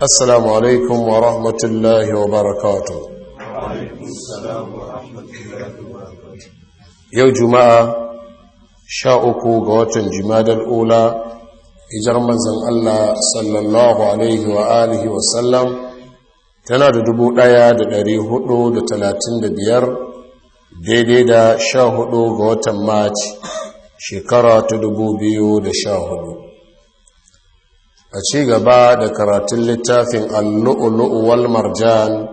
Assalamu alaikum wa rahmatullahi wa barakatu. Yau Juma'a sha uku ga watan Jumadar ula, ijar manzan Allah sallallahu Alaihi wa alihi tana da dubu ɗaya da ɗari huɗu da talatin da biyar daidai da sha hudu ga watan Maci shekara ta dubu biyu da sha hudu. a ci gaba da karatun littafin allu'ulu'u wal marjan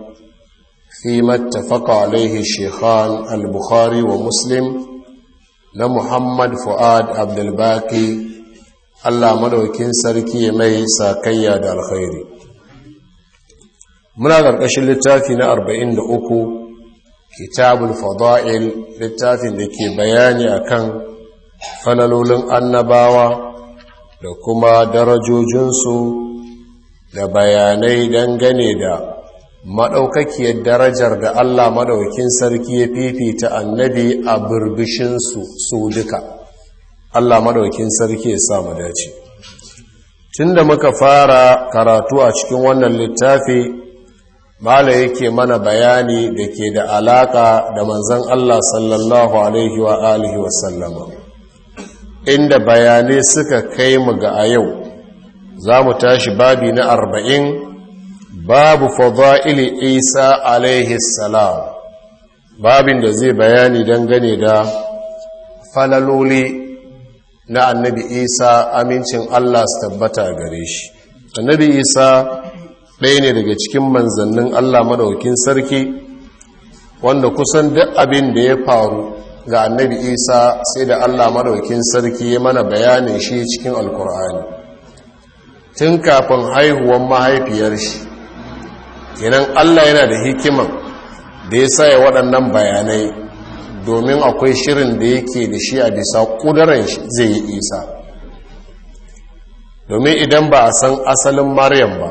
fi mattafaka alaihi shekhan al-bukhari wa muslim na muhammad fu'ad abdulbaki allah madaukin sarki mai sakayya da alkhairi muna ƙarƙashin littafi na 43 kitabul fada'il littafin da ke bayani akan falalolin annabawa da kuma darajojinsu da bayanai dangane da maɗaukakiyar darajar da Allah maɗaukin sarki ya fifita annabi a birbishinsu su duka Allah maɗaukin sarki ya samu dace tun da muka fara karatu a cikin wannan littafi mala yake mana bayani da ke da alaƙa da manzan Allah sallallahu alaihi wa alihi wasallama inda bayanai suka kai mu ga a yau za mu tashi babi na arba'in babu fada'ili isa alaihi salam babin da zai bayani dangane da falaloli na annabi isa amincin allah su tabbata gare shi annabi isa ɗaya ne daga cikin manzannin allah madaukin sarki wanda kusan duk abin da ya faru ga annabi isa sai da allah maɗaukin sarki ya mana bayanin shi cikin alkur'ani tun kafin haihuwan mahaifiyar shi Idan allah yana da hikiman da ya saya waɗannan bayanai domin akwai shirin da yake da shi a bisa ƙudurin zai yi isa domin idan ba a san asalin maryam ba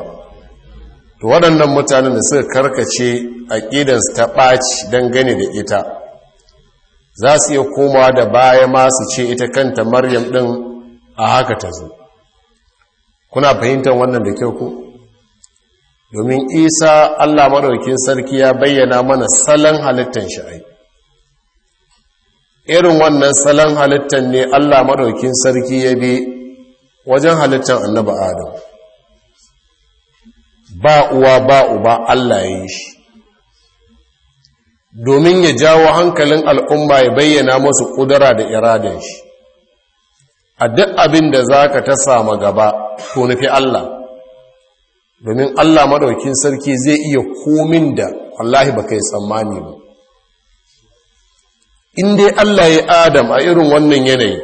to waɗannan mutanen da suka karkace a ƙidansu ta ɓaci don gani da ita za su iya komawa da baya ma su ce ita kanta maryam ɗin a haka ta zo kuna fahimtar wannan da kyau ku domin isa allah maɗaukin sarki ya bayyana mana salon halittar sha'ai irin wannan salon halittar ne allah maɗaukin sarki ya bi wajen halittar annaba adam ba uwa ba uba allah ya yi shi domin ya jawo hankalin al'umma ya bayyana masu ƙudura da iradan shi a duk abin da za ka ta sama gaba to nufi Allah domin Allah maɗaukin sarki zai iya komin da wallahi ba kai tsammani ba in dai Allah ya adam a irin wannan yanayi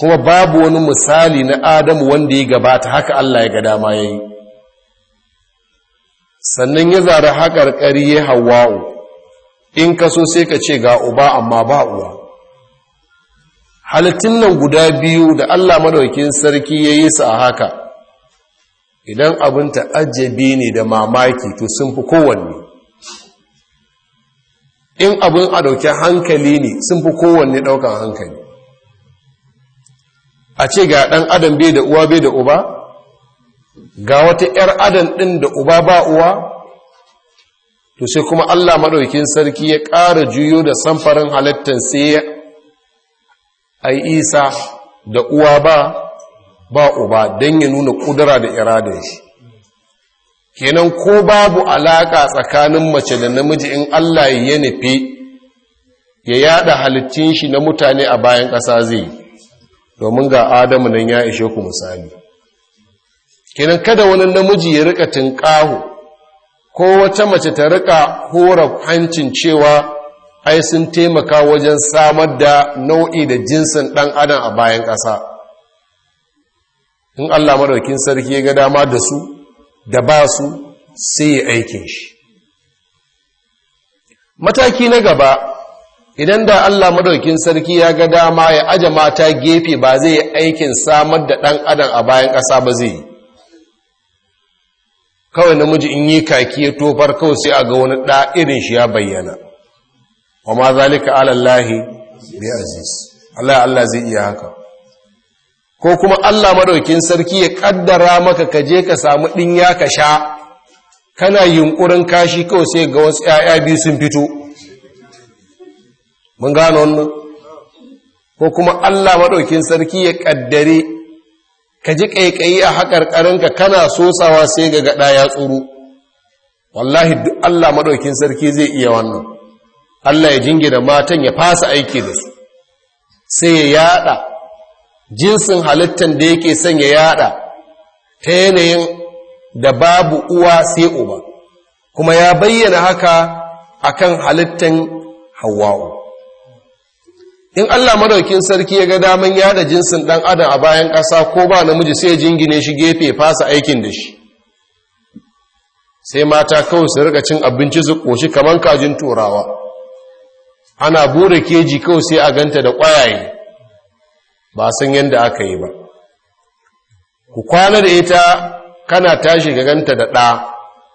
kuma babu wani misali na adamu wanda ya gabata haka Allah ya gada ma ya yi sannan ya zara haƙarƙari ya hawa'u in ka so sai ka ce ga uba amma ba uwa halittun nan guda biyu da Allah maɗaukin sarki ya yi su a haka idan abin ta'ajabi ne da mamaki to sun fi kowanne in abin a ɗauki hankali ne sun fi kowanne ɗaukan hankali a ce ga ɗan adam bai da uwa bai da uba ga wata ‘yar adam ɗin da uba ba uwa to sai kuma Allah maɗaukin sarki ya ƙara juyo da samfarin halittar sai ya ai isa da uwa ba ba uba don ya nuna ƙudura da iradar shi kenan ko babu alaƙa tsakanin mace da namiji in Allah ya nufi ya yada halittin shi na mutane a bayan ƙasa zai domin ga adamu nan ya ishe ku misali kenan kada wani namiji ya rika tinkahu ko wata mace ta rika hora hancin cewa ai sun taimaka wajen samar da nau'i da jinsin ɗan adam a bayan ƙasa in Allah madaukin sarki ya ga dama da su da ba su sai ya aikin shi mataki na gaba idan da Allah madaukin sarki ya ga dama ya aje mata gefe ba zai aikin samar da ɗan adam a bayan ƙasa ba zai yi kawai namiji in yi kaki ya tofar kawai sai a ga wani ɗa irin shi ya bayyana wa ma zalika alallahi bi aziz Allah Allah zai iya haka ko kuma Allah madaukin sarki ya kaddara maka ka je ka samu din ya ka sha kana yunkurin kashi kawai sai ga wasu 'ya'ya biyu sun fito mun gano wannan ko kuma Allah madaukin sarki ya kaddare ka ji ƙaiƙayi a haƙarƙarinka kana sosawa sai ga gaɗa ya tsuru wallahi duk Allah maɗaukin sarki zai iya wannan Allah ya jingina matan ya fasa aiki da su sai ya yaɗa, jinsin halittar da yake son ya yaɗa ta yanayin da babu uwa sai uba kuma ya bayyana haka akan halittar hawa'u in Allah madaukin sarki ya ga daman yada jinsin dan adam a bayan ƙasa ko ba namiji sai jingine shi gefe fasa aikin da shi sai mata kawai su rika cin abinci su koshi kamar kajin turawa ana bura keji kawai sai a ganta da ƙwayaye ba sun yadda aka yi ba ku kwana da ita kana tashi ga ganta da ɗa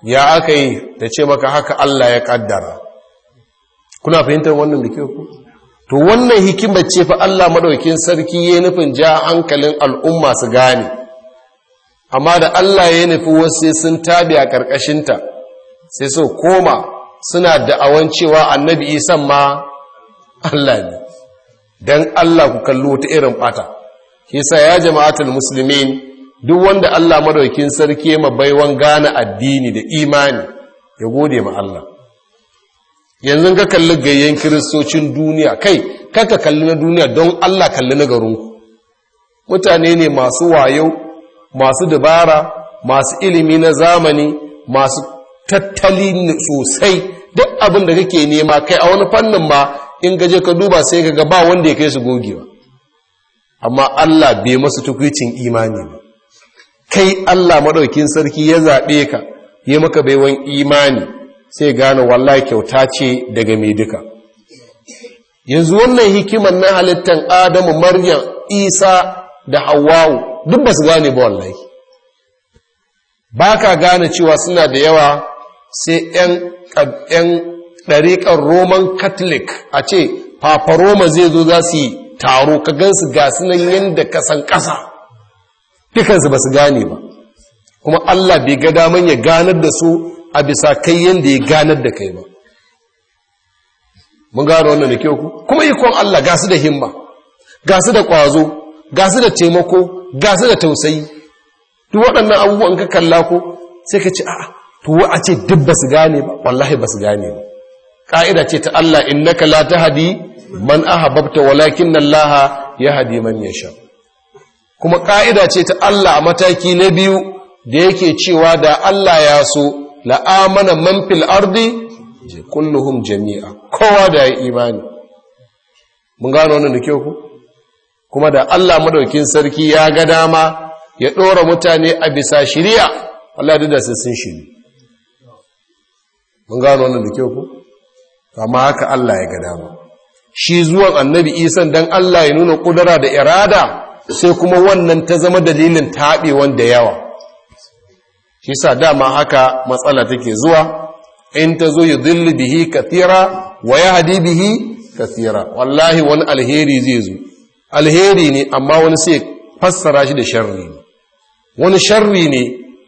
ya aka yi da ce maka haka Allah ya ƙaddara kuna fahimtar wannan da ke ku to wannan hikimar ce fa Allah madaukin sarki ya nufin ja hankalin al'umma su gane amma da Allah ya nufi wasu sun tabi a ta sai so koma suna da'awan cewa annabi Isa ma Allah ne don Allah ku kallo ta irin ɓata kisa ya jama'atul musulmin duk wanda Allah madaukin sarki ya mabaiwan gane addini da imani ya gode ma Allah yanzu ka kalli gayyen kiristocin duniya kai kaka kalli na duniya don Allah kalli na ku. mutane ne masu wayo masu dabara masu ilimi na zamani masu tattali sosai duk abin da kake nema kai a wani fannin ma in gaje ka duba sai ka ga ba wanda ya kai su gogewa amma Allah bai masu tukwicin imani ba kai Allah maɗaukin sarki ya zaɓe ka yi maka baiwan imani sai gane wallahi kyauta ce daga mai duka yanzu wannan hikimar na halittar adamu maryam isa da hawawu duk ba su gane ba wallahi ba ka gane cewa suna da yawa sai 'yan ɗariƙar roman catholic a ce papa roma zai zo za su yi taro ka gansu ga sunan yadda kasan ƙasa dukansu ba su gane ba kuma allah bai ga daman ya ganar da su a bisa kai yadda ya ganar da kai ba mun gano wannan da kyau ku kuma ikon Allah gasu da himma gasu da ƙwazo gasu da taimako gasu da tausayi To waɗannan abubuwan ka kalla ko sai ka ce a'a to a ce duk ba su gane ba wallahi ba su gane ba ƙa'ida ce ta Allah innaka la tahdi man ahbabta walakin Allah yahdi man yasha kuma ƙa'ida ce ta Allah a mataki na biyu da yake cewa da Allah ya so la'amana man fil ardi kulluhum jami'a kowa da ya imani mun gano wannan da kyau ku kuma da Allah madaukin sarki ya ga dama ya ɗora mutane a bisa shiriya Allah da sai sun shiri mun gano wannan da kyau ku amma haka Allah ya ga dama shi zuwan annabi isan dan Allah ya nuna kudura da irada sai kuma wannan ta zama dalilin tabe wanda yawa shi sa dama haka matsala take zuwa in ta zo zilli bihi kathira wa ya hadi bihi kathira wallahi wani alheri zai zo alheri ne amma wani sai fassara shi da sharri wani sharri ne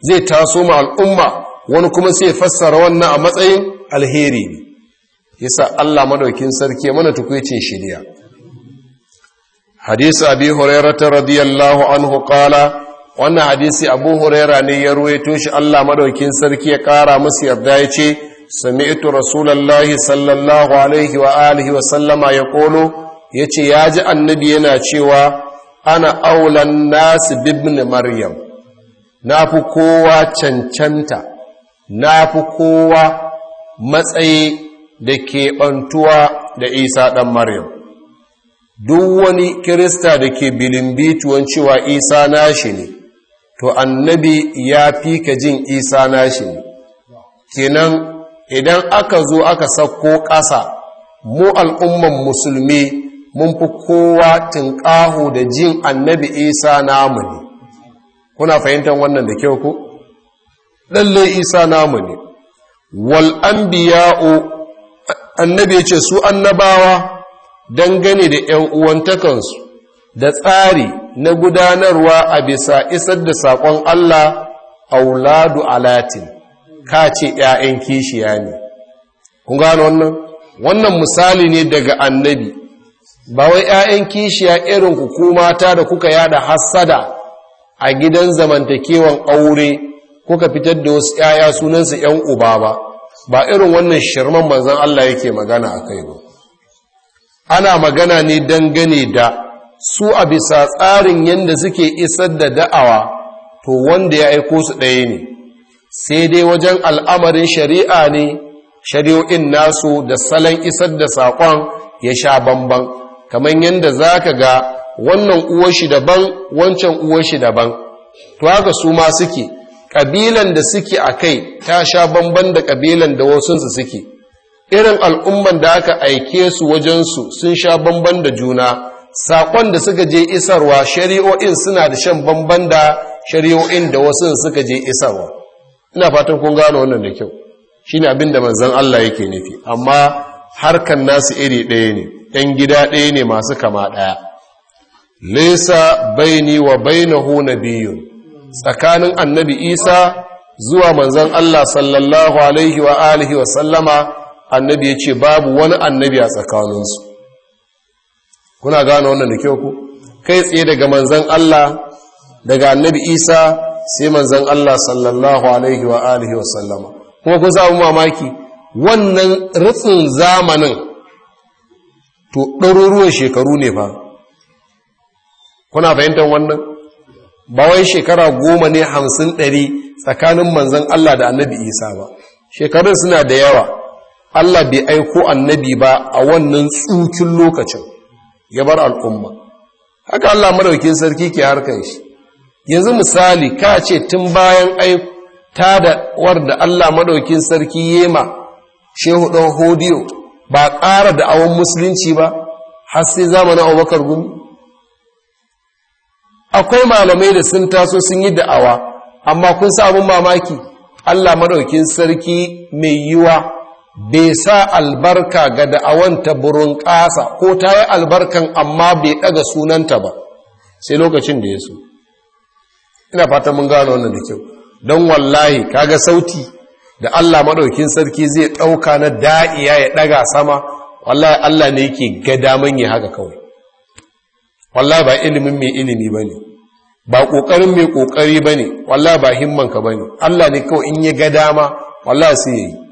zai taso ma al'umma wani kuma sai fassara wannan a matsayin alheri ne yasa Allah madaukin sarki mana tukwicin shiriya hadisa abi hurairata radiyallahu anhu qala wannan hadisi abu huraira ne ya ruwaito shi Allah madaukin sarki ya kara musu yarda ya ce sami'tu rasulullahi sallallahu alaihi wa alihi wa sallama ya kolo ya ce ya ji annabi yana cewa ana aulan nasu bibni maryam na fi kowa cancanta na fi kowa matsayi da ke bantuwa da isa ɗan maryam duk wani kirista da ke bilin bituwan cewa isa nashi ne to annabi ya fi ka jin isa nashi ne kenan idan aka zo aka sako ƙasa mu al'umman musulmi mun fi kowa tinƙaho da jin annabi isa namu ne kuna fahimtar wannan da kyau ko? ɗalle isa namu ne wal anbiya'u annabi ce su annabawa dangane da yan uwantakansu da tsari na gudanarwa a bisa isar da saƙon Allah a auladu alatin ka ce ‘ya'yan kishiya ne kun gano wannan wannan misali ne daga annabi ba wai ‘ya'yan kishiya irin kuku mata da kuka yada hassada a gidan zamantakewan aure kuka fitar da wasu ‘ya'ya sunansa ‘yan uba ba ba irin wannan shirman manzan Allah yake magana a kai ba ana magana ne dangane da su a bisa tsarin yadda suke isar da da'awa to wanda ya aiko su ɗaya ne sai dai wajen al'amarin shari'a ne shari'o'in nasu da salon isar da saƙon ya sha bamban kamar yadda za ka ga wannan uwashi daban wancan uwashi daban to haka su ma suke ƙabilan da suke a kai ta sha bamban da ƙabilan da wasunsu suke irin al'umman da aka aike su wajensu sun sha bamban da juna saƙon da suka je isarwa shari'o'in suna da shan bamban da shari'o'in da wasu suka je isarwa ina fatan kun gano wannan da kyau shi ne abin da manzan Allah yake nufi amma harkar nasu iri ɗaya ne ɗan gida ɗaya ne masu kama ɗaya lesa baini wa bainahu nabiyun tsakanin annabi isa zuwa manzan Allah sallallahu alaihi wa alihi wa sallama annabi ya ce babu wani annabi a tsakaninsu kuna gane wannan da kyau ku kai tsaye daga manzan Allah daga annabi Isa sai manzan Allah sallallahu alaihi wa alihi wa sallama kuma kun samu mamaki wannan rufin zamanin to ɗaruruwan shekaru ne fa kuna fahimtar wannan Bawai shekara goma ne hamsin ɗari tsakanin manzan Allah da annabi Isa ba shekarun suna da yawa Allah bai aiko annabi ba a wannan tsukin lokacin ya bar al'umma haka Allah maraukin sarki ke harkar shi yanzu misali ka ce tun bayan aiko ta da wadda Allah maraukin sarki yema shehu ɗan hodiyo ba ƙara da awon musulunci ba har sai zamanin abubakar gumi akwai malamai da sun taso sun yi da'awa amma kun sa abin mamaki Allah maraukin sarki mai yiwa bai sa albarka ga da'awanta burin ƙasa ko ta yi albarkan amma bai ɗaga sunanta ba sai lokacin da ya so ina fata mun gano wannan da kyau don wallahi kaga sauti da Allah maɗaukin sarki zai ɗauka na da'iya ya ɗaga sama wallahi Allah ne yake ga man yi haka kawai wallahi ba ilimin mai ilimi ba ne ba ƙoƙarin mai ƙoƙari ba ne wallahi ba himmanka ba ne Allah ne kawai in ya ga dama wallahi sai ya yi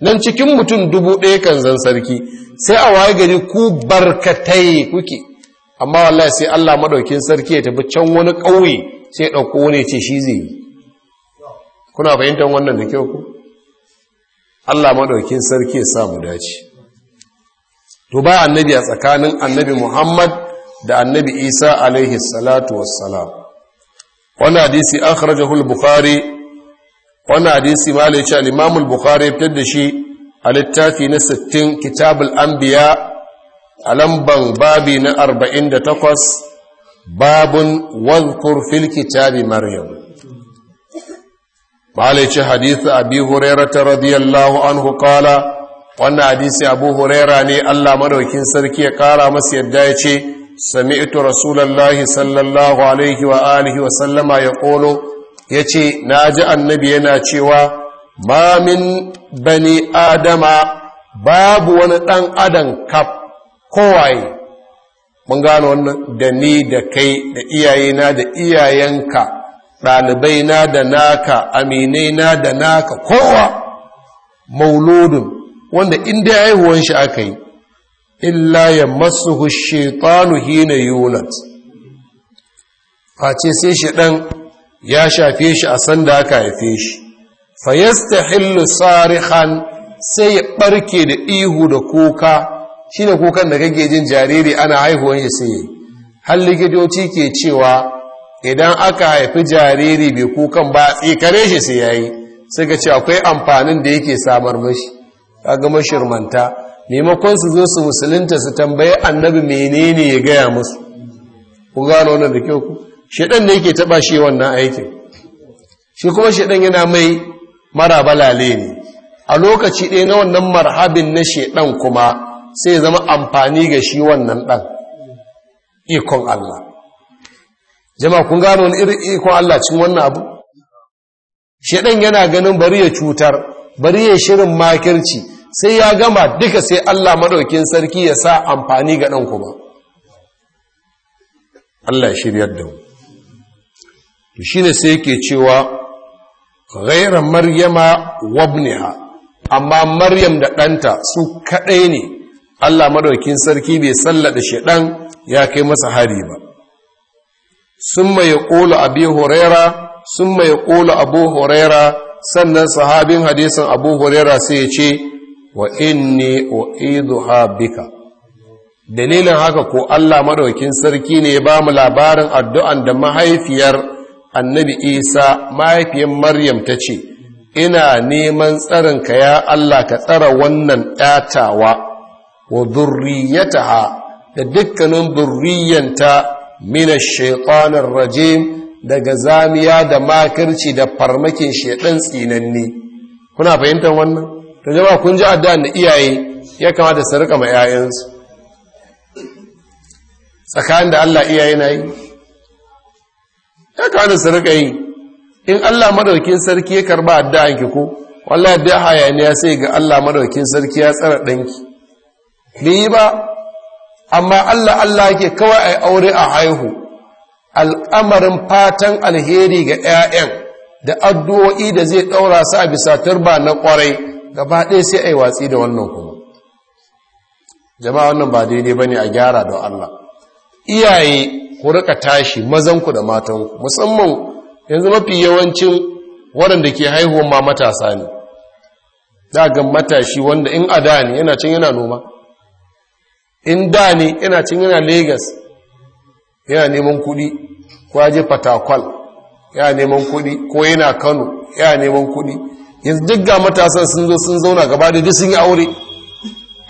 nan cikin mutum dubu ɗaya kan zan sarki sai a waye gari ku barkatai kuke amma wallahi sai Allah madaukin sarki ya tafi can wani ƙauye sai ya ɗauko wani ce shi zai yi kuna fahimtar wannan da kyau ku Allah madaukin sarki ya sa dace to ba annabi a tsakanin annabi Muhammad da annabi Isa alaihi salatu wassalam wannan hadisi akhrajahu al-Bukhari wannan hadisi ma lai ce al bukhari ya fitar da shi a littafi na 60 kitabul anbiya a lamban babi na 48 babun wadhkur fil kitabi maryam ma lai ce hadisi abi hurairah radiyallahu anhu qala wannan hadisi abu huraira ne Allah madaukin sarki ya kara masa yadda ya ce sami'tu rasulullahi sallallahu alaihi wa alihi wa sallama ya qulu ya ce na ji annabi yana cewa ma min bani adama babu wani ɗan adam kaf kowaye mun gano wannan da ni da kai da iyayena da iyayenka ɗalibaina da naka aminaina da naka kowa mauludun wanda inda ya haihuwan shi aka yi illa ya masu hushe hina yunat face sai shi ɗan ya shafe shi a sanda aka haife shi Hillu sarihan sai ya barke da ihu da kuka shine kukan da kake jin jariri ana haihuwan ya sai har likitoci ke cewa idan aka haifi jariri bai kukan ba tsikare shi sai yayi sai ka ce akwai amfanin da yake samar mashi kaga mashirmanta maimakon su zo su musulunta su tambaye annabi menene ya gaya musu ku gano wannan da kyau ku shedan ne yake taba shi wannan aikin shi kuma shedan yana mai mara balale ne a lokaci ɗaya na wannan marhabin na shedan kuma sai zama amfani ga shi wannan ɗan ikon Allah Jama kun gano wani irin ikon Allah cin wannan abu shedan yana ganin bari ya cutar bari ya shirin makirci sai ya gama duka sai Allah maɗaukin sarki ya sa amfani ga ɗan kuma Allah shiryar da mu to ne sai yake cewa ghayra maryama wabniha amma maryam da ɗanta su kaɗai ne Allah madaukin sarki bai sallada shedan ya kai masa hari ba summa yaqulu abi sun summa yaqulu abu horera, sannan sahabin hadisin abu horera sai ya ce wa inni ha bika dalilin haka ko Allah madaukin sarki ne ya ba mu labarin addu'an da mahaifiyar annabi isa mahaifiyar maryam ta ce ina neman tsarinka ya allah ka tsara wannan ɗatawa wa ha da dukkanin zurriyanta mina shaitanin rajim daga zamiya da makirci da farmakin shaidan tsinanni kuna fahimtar wannan Ta jama'a kun ji addu'an da iyaye ya kamata su rika ma 'ya'yansu tsakanin da allah iyaye na yi kana su riƙa yi in Allah madaukin sarki ya karba addu'an ki ko wallahi da hayaniya sai ga Allah madaukin sarki ya tsara ɗanki bai yi ba amma Allah Allah yake kawai ai aure a haihu al'amarin fatan alheri ga 'ya'yan da addu'o'i da zai ɗaura su a bisa turba na ƙwarai gaba ɗaya sai ai watsi da wannan kuma jama'a wannan ba daidai bane a gyara don Allah iyaye ku rika tashi mazanku da matanku musamman yanzu mafi yawancin waɗanda ke haihuwan ma matasa ne Da ga matashi wanda in a da ne yana cin yana noma in da ne yana cin yana Legas yana neman kuɗi ko ya je fatakwal yana neman kuɗi ko yana kano yana neman kuɗi yanzu duk ga matasan sun zo sun zauna gaba da duk sun yi aure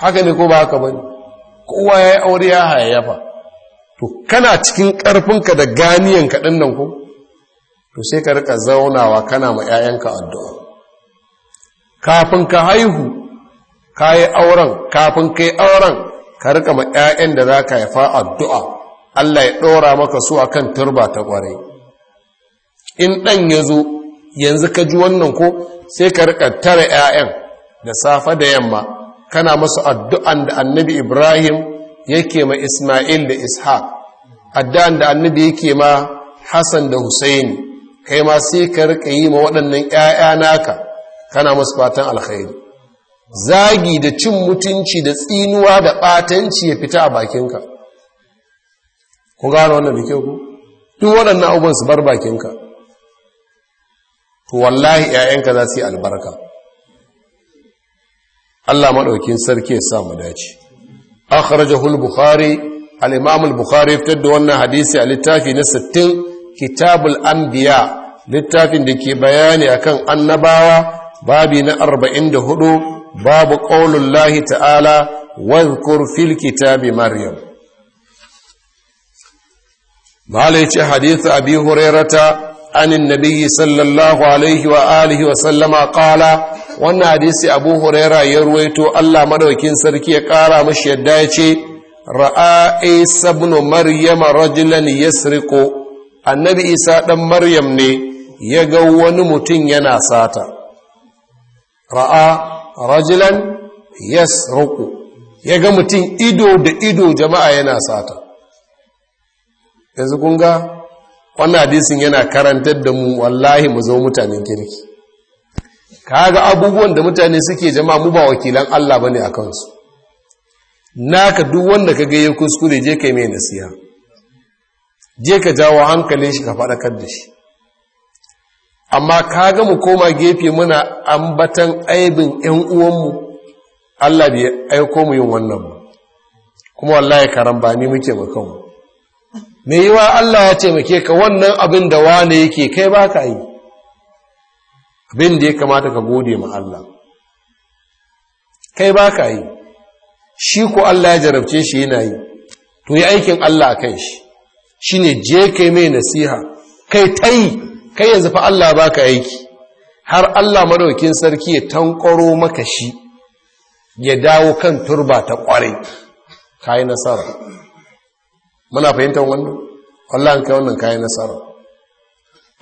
haka ne ko ba haka ba ne kowa ya yi aure ya hayayyafa to kana cikin karfinka da ganiyan kaɗin nan ko to sai ka rika zaunawa kana ma 'ya'yanka addu'a kafin ka haihu ka yi auren kafin ka yi auren ka rika ma 'ya'yan da za ka haifa addu'a Allah ya ɗora maka su a kan turba ta ƙwarai in ɗan ya zo yanzu ka ji wannan ko sai ka rika tara 'ya'yan da safe da yamma kana masu addu'an da annabi ibrahim yake ma Ismail da Ishaq addan da annabi yake ma Hassan da Husaini kai ma sai ka rika yi ma waɗannan ƴaƴa naka kana musu fatan alkhairi zagi da cin mutunci da tsinuwa da batanci ya fita a bakinka ku gano wannan da ku duk waɗannan abubuwan su bar bakinka to wallahi ƴaƴanka za su yi albarka Allah maɗaukin sarki ya sa mu dace akhrajahu al-bukhari al-imam bukhari fitar da wannan hadisi a littafi na sittin, kitabul anbiya littafin da ke bayani akan annabawa babi na arba'in da 44 babu qaulul lahi ta'ala wadhkur fil kitabi maryam malai ce hadisi abi hurairata عن النبي صلى الله عليه وآله وسلم قال wannan hadisi abu huraira ya ruwaito allah maɗaukin sarki ya ƙara mashi yadda ya ce ra'a isa ibn maryama rajulan yasriqu annabi isa ɗan maryam ne ya ga wani mutum yana sata ra'a rajulan yasriqu ya ga mutum ido da ido jama'a yana sata yanzu kun ga wannan hadisin yana karantar da mu wallahi mu zama mutanen kirki kaga abubuwan da mutane suke jama mu ba wakilan Allah bane a kansu naka duk wanda kaga ya kuskure je kai mai nasiha je ka jawo hankalin shi ka fadakar da shi amma kaga mu koma gefe muna ambatan aibin 'yan uwanmu Allah bai aiko mu yin wannan ba kuma wallahi karamba ni muke mu kanmu mai yiwa Allah ya taimake ka wannan abin da wane yake kai ba ka yi abin da ya kamata ka gode ma Allah kai ba ka yi shi ko Allah ya jarabce shi yana yi to yi aikin Allah a kan shi shi ne je kai mai nasiha kai ta yi kai yanzu fa Allah ba ka aiki har Allah madaukin sarki ya tankwaro maka shi ya dawo kan turba ta kwarai ka yi nasara muna fahimtar wannan Allah an kai wannan kayan nasara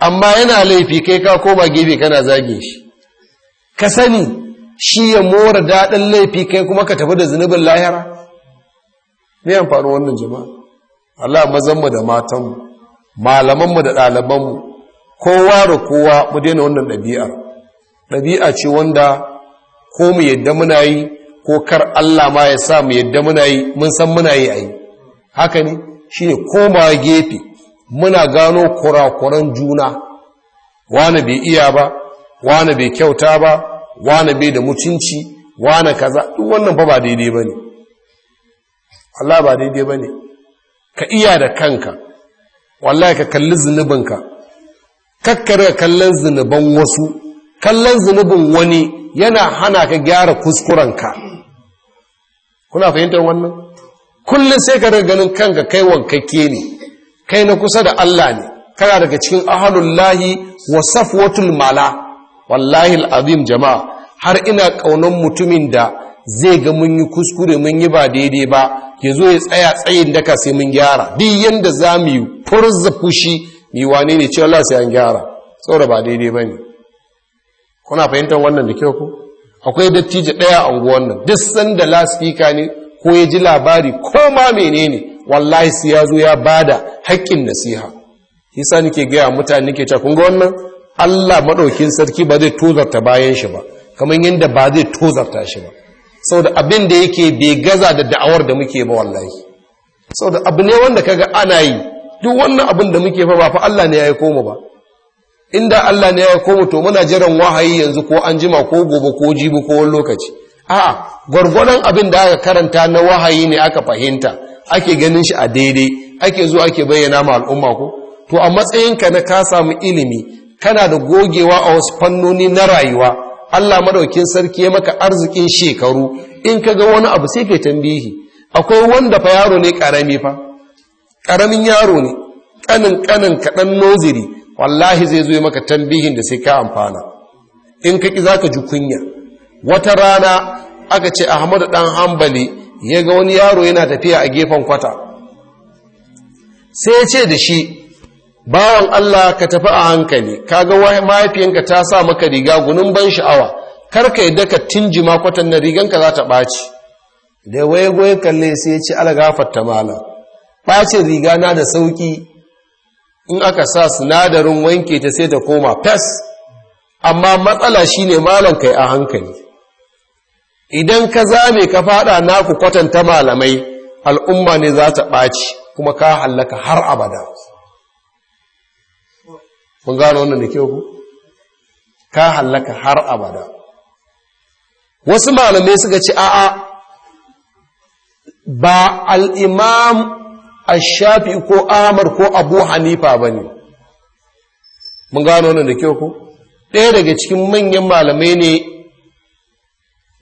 amma yana laifi kai ka koma gefe kana zage shi ka sani shi ya mora dadin laifi kai kuma ka tafi da zunubin lahira me amfanin wannan jama'a Allah mazanmu da matanmu malamanmu da ɗalibanmu kowa da kowa mu daina wannan dabi'a ɗabi'a ce wanda ko mu yadda muna yi ko kar Allah ma ya sa mu yadda muna yi mun san muna yi ai haka ne shi ne koma gefe muna gano kurakuran juna wane bai iya ba wane bai kyauta ba wane bai da mutunci wane kaza duk wannan ba ba daidai ba ne Allah ba daidai ba ne ka iya da kanka wallahi ka kalli zunubinka kakkar kallon zunuban wasu kallon zunubin wani yana hana ka gyara kuskurenka kuna fahimtar wannan kullum sai ka ganin kanka kai wankakke ne kai na kusa da Allah ne kana daga cikin ahlullahi wa safwatul mala wallahi alazim jama'a har ina kaunan mutumin da zai ga mun yi kuskure mun yi ba daidai ba ya zo ya tsaya tsayin daka sai mun gyara duk yanda za mu yi furza fushi ni wane ne ce Allah sai an gyara saboda ba daidai bane kuna fahimtar wannan da kyau ko akwai dattijo daya a unguwan duk sanda lasfika ne ko ya ji labari ko ma menene wallahi sai ya zo ya bada haƙƙin nasiha yasa nike gaya mutane nake cewa kun ga wannan Allah madaukin sarki ba zai tozarta bayan shi ba kamar yadda ba zai tozarta shi ba saboda abin da yake bai gaza da da'awar da muke ba wallahi saboda abu ne wanda kaga ana yi duk wannan abin da muke fa ba fa Allah ne ya aiko mu ba inda Allah ne ya aiko mu to muna jiran wahayi yanzu ko an jima ko gobe ko jibi ko wani lokaci a gwargwaron abin da aka karanta na wahayi ne aka fahimta ake ganin shi a daidai ake zuwa ake bayyana ma al'umma ko to a matsayinka na ka samu ilimi kana da gogewa a wasu fannoni na rayuwa Allah madaukin sarki ya maka arzikin shekaru in ka ga wani abu sai kai tambihi akwai wanda fa yaro ne karami fa karamin yaro ne kanin kanin kaɗan noziri wallahi zai zo maka tambihin da sai ka amfana in ka ki zaka ji kunya wata rana aka ce ahmadu ɗan hambali ya ga wani yaro yana tafiya a gefen kwata sai ya ce da shi bawan Allah ka tafi a hankali kaga mahaifiyanka ta sa maka riga gunun ban sha'awa karka yadda ka tinjima kwatan na riganka za ta ɓaci da waye goye kalle sai ya ce ala ta malam ɓacin riga na da sauki in aka sa sinadarin wanke ta sai ta koma fes amma matsala shine malam kai a hankali idan ka zame ka fada naku kwatanta malamai al'umma ne za ta ɓaci kuma ka hallaka har abada kun gano wannan da kyau ku ka hallaka har abada wasu malamai suka ci a'a ba al'imam ashafi ko amar ko abu hanifa ba ne mun gano wannan da kyau ku ɗaya daga cikin manyan malamai ne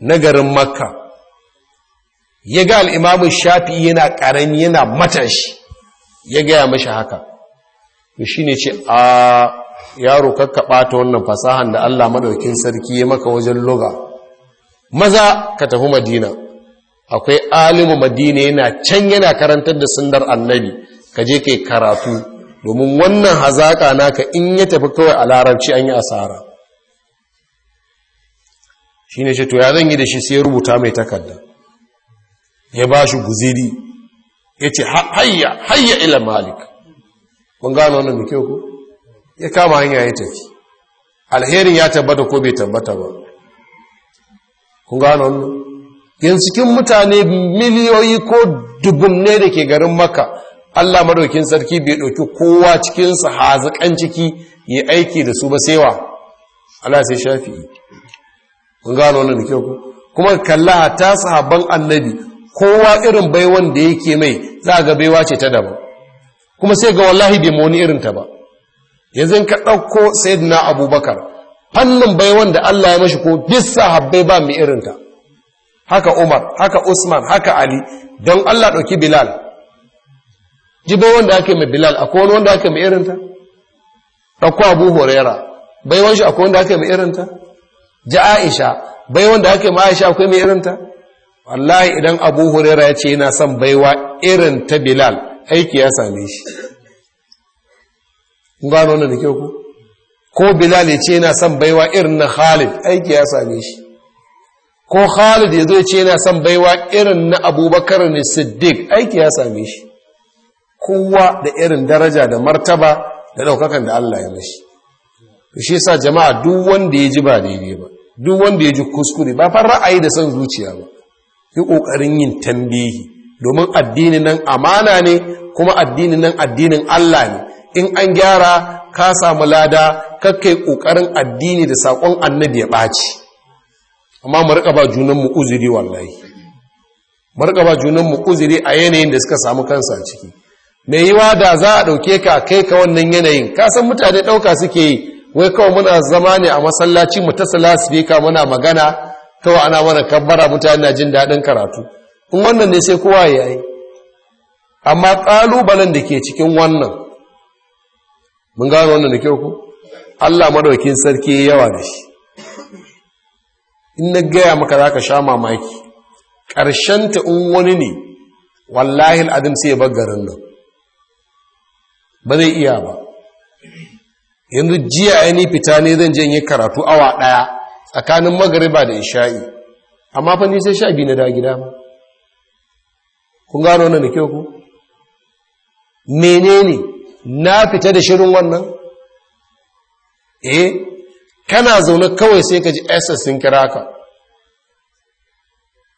na garin makka ya ga al'imamun shafi yana ƙarami yana matashi ya gaya mashi haka shi ne ce a yaro kakkaɓa ta wannan fasahan da allah maɗaukin sarki ya maka wajen loga maza ka tafi madina akwai alimu madina yana can yana karantar da sundar annabi ka je ke karatu domin wannan hazaƙa naka in ya tafi kawai a larabci an yi asara shi ne ce to ya zan yi da shi sai rubuta mai takarda ya ba shi guziri ya ce hayya hayya ila malik kun gano wannan muke ku ya kama hanya ya tafi alherin ya tabbata ko bai tabbata ba kun gano wannan yanzu cikin mutane miliyoyi ko ne da ke garin maka Allah madaukin sarki bai ɗauki kowa cikinsa haziƙan ciki ya aiki da su ba sewa Allah sai shafi'i Kun gano wannan da kyau ku kuma kalla ta sahabban annabi kowa irin baiwan da yake mai za ga baiwa ce ta daban kuma sai ga wallahi bai moni irin ta ba yanzu ka ɗauko sayyidina abubakar fannin baiwan da Allah ya mashi ko duk sahabbai ba mai irin ta haka umar haka usman haka ali don Allah ɗauki bilal ji baiwan da ake mai bilal akwai wani wanda ake mai irin ta ɗauko abu horera baiwan shi akwai wanda ake mai irin ta ji aisha bai wanda aka ma aisha akwai mai irinta wallahi idan abu hurera ya ce yana son baiwa irin ta bilal aiki ya same shi gano wannan da kyau ku ko bilal ya ce yana son baiwa irin na khalid aiki ya same shi ko khalid ya zo ce yana son baiwa irin na abubakar ne siddiq aiki ya same shi kowa da irin daraja da martaba da ɗaukakan da allah ya mashi shi sa jama'a duk wanda ya ji ba daidai ba duk wanda ya ji kuskure ba fa ra'ayi da son zuciya ba yi ƙoƙarin yin tambihi domin addinin nan amana ne kuma addinin nan addinin Allah ne in an gyara ka samu lada kakkai ƙoƙarin addini da sakon annabi ya baci amma mu rika ba mu uzuri wallahi mu rika ba mu uzuri a yanayin da suka samu kansa ciki mai yiwa da za a ɗauke ka kai ka wannan yanayin ka san mutane ɗauka suke yi wai kawai muna zama ne a masallaci mu ta lasifika muna magana kawai ana mana kabbara mutane na jin daɗin karatu in wannan ne sai kowa ya yi amma ƙalubalen da ke cikin wannan mun gano wannan da kyau ku allah maɗaukin sarki yawa da shi in na gaya maka za ka sha mamaki ƙarshenta in wani ne wallahi al'adam sai ya garin nan ba zai iya ba yanzu jiya aini fita ne zan je yi karatu awa ɗaya tsakanin magariba da isha'i amma fa sai sha biyu na da gida ba kun gano wannan da kyau ku menene na fita da shirin wannan eh kana zaune kawai sai ka ji ss sun kira ka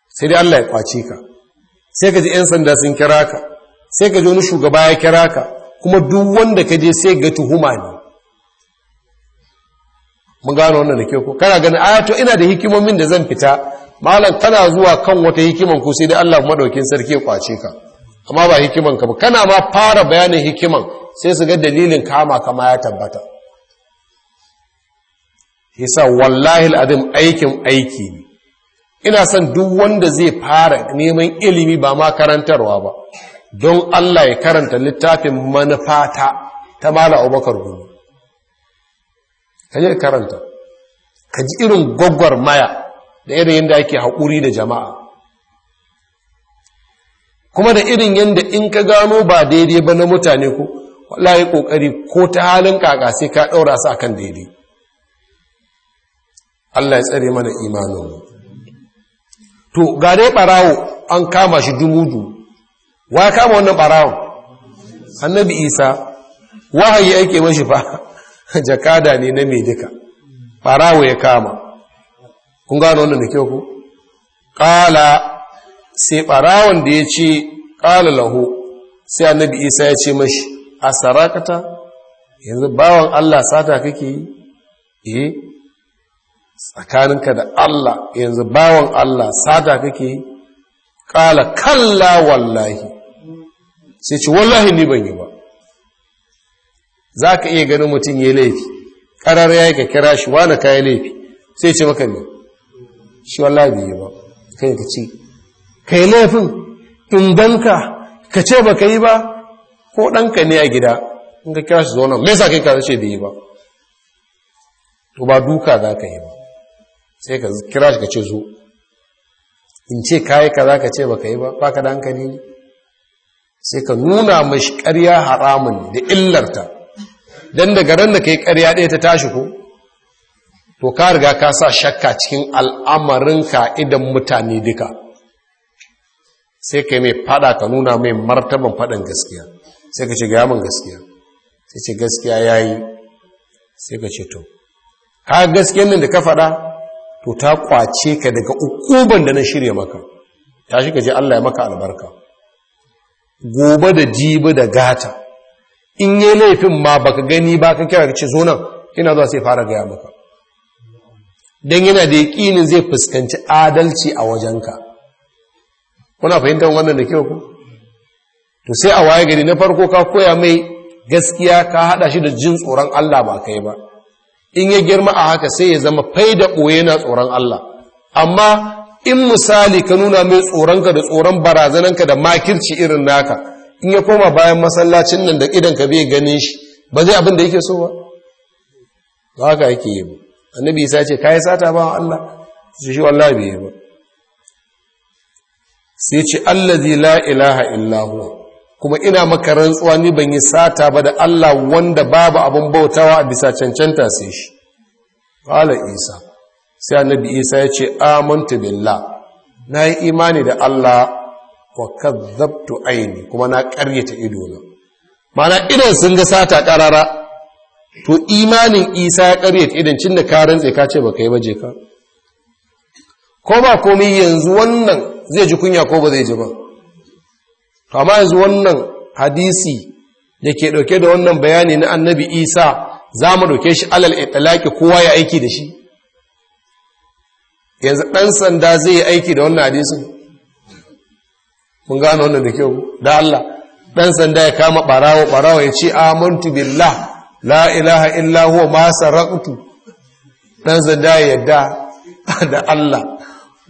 sai dai Allah ya kwace ka sai ka ji 'yan sanda sun kira ka sai ka ji wani shugaba ya kira ka kuma duk wanda ka je sai ga tuhuma ne mun gano wannan da ke ku kana ganin a to ina da hikimomin da zan fita malam kana zuwa kan wata hikiman ku sai dai Allah madaukin sarki ya kwace ka amma ba hikiman ka ba kana ma fara bayanin hikiman sai su ga dalilin kama kama ya tabbata yasa wallahi alazim aikin aiki ne ina son duk wanda zai fara neman ilimi ba ma karantarwa ba don Allah ya karanta littafin manufata ta Malam abubakar gumi ka je karanta ka ji irin gwaggwar maya da irin yadda ake haƙuri da jama'a kuma da irin yadda in ka gano ba daidai ba na mutane ku wallahi ƙoƙari ko ta halin kaka sai ka ɗaura su akan daidai Allah ya tsare mana imanin to ga dai ɓarawo an kama shi dumudu wa kama wannan ɓarawon annabi isa wahayi ake mashi fa jakada ne na mai duka farawo ya kama kun gano wannan da kyau ku ƙala sai ɓarawon da ya ce ƙala laho sai annabi isa ya ce mashi a sarakata yanzu bawan allah sata kake yi eh tsakaninka da allah yanzu bawan allah sata kake yi ƙala kalla wallahi sai ce wallahi ni ban yi ba za ka iya ganin mutum ya laifi ƙarar ya yi ka kira shi wane ka yi laifi sai ce maka ne shi wala biyu ba kai ka ce ka yi laifin in danka ka ce ba ka yi ba ko ɗanka ne a gida in ka kira shi zo nan mesa kai ka zace biyu yi ba to ba duka za ka yi ba sai ka kira shi ka ce zo in ce ka yi ka za ka ce ba ka yi ba ba ka ɗanka ne sai ka nuna mashi ƙarya haramun da illarta don daga ran da ka yi ƙarya ɗaya ta tashi ko to ka riga ka sa shakka cikin al'amarinka idan mutane duka sai ka mai fada ka nuna mai martaban fadan gaskiya sai ka ce yamin gaskiya sai ce gaskiya ya yi sai ka ce to ka gaskiya nan da ka fada to ta kwace ka daga ukuban da na shirya maka ta shi ka je Allah ya maka albarka gobe da jibi da gata in yi laifin ma ka gani ba ka kira ka ce zo nan ina zuwa sai fara gaya maka don yana da yaƙinin zai fuskanci adalci a wajenka kuna fahimtar wannan da kyau ku to sai a waye gari na farko ka koya mai gaskiya ka haɗa shi da jin tsoron Allah ba kai ba in ya girma a haka sai ya zama faida ɓoye na tsoron Allah amma in misali ka nuna mai tsoronka da tsoron barazananka da makirci irin naka in ya koma bayan masallacin nan da idan ka bai ganin shi ba zai abin da yake so ba ba haka yake yi ba annabi isa ce kai sata ba Allah shi shi wallahi bai ba sai ce allazi la ilaha illa huwa kuma ina maka rantsuwa ni ban yi sata ba da Allah wanda babu abin bautawa a bisa cancanta sai shi qala isa sai annabi isa ya ce amantu billah na yi imani da Allah wa kazzabtu aini kuma na karyata ido na mana idan sun ga sata karara to imanin isa ya karyata idan cin da ka rantse ka ce baka yi baje ka ko ba komai yanzu wannan zai ji kunya ko ba zai ji ba to amma yanzu wannan hadisi da ke dauke da wannan bayani na annabi isa za mu dauke shi alal itlaki kowa ya aiki da shi yanzu ɗan sanda zai yi aiki da wannan hadisin mun gano wannan da kyau da Allah dan sanda ya kama barawo barawo ya ce amantu billah la ilaha illa huwa ma saraqtu dan sanda ya yadda da Allah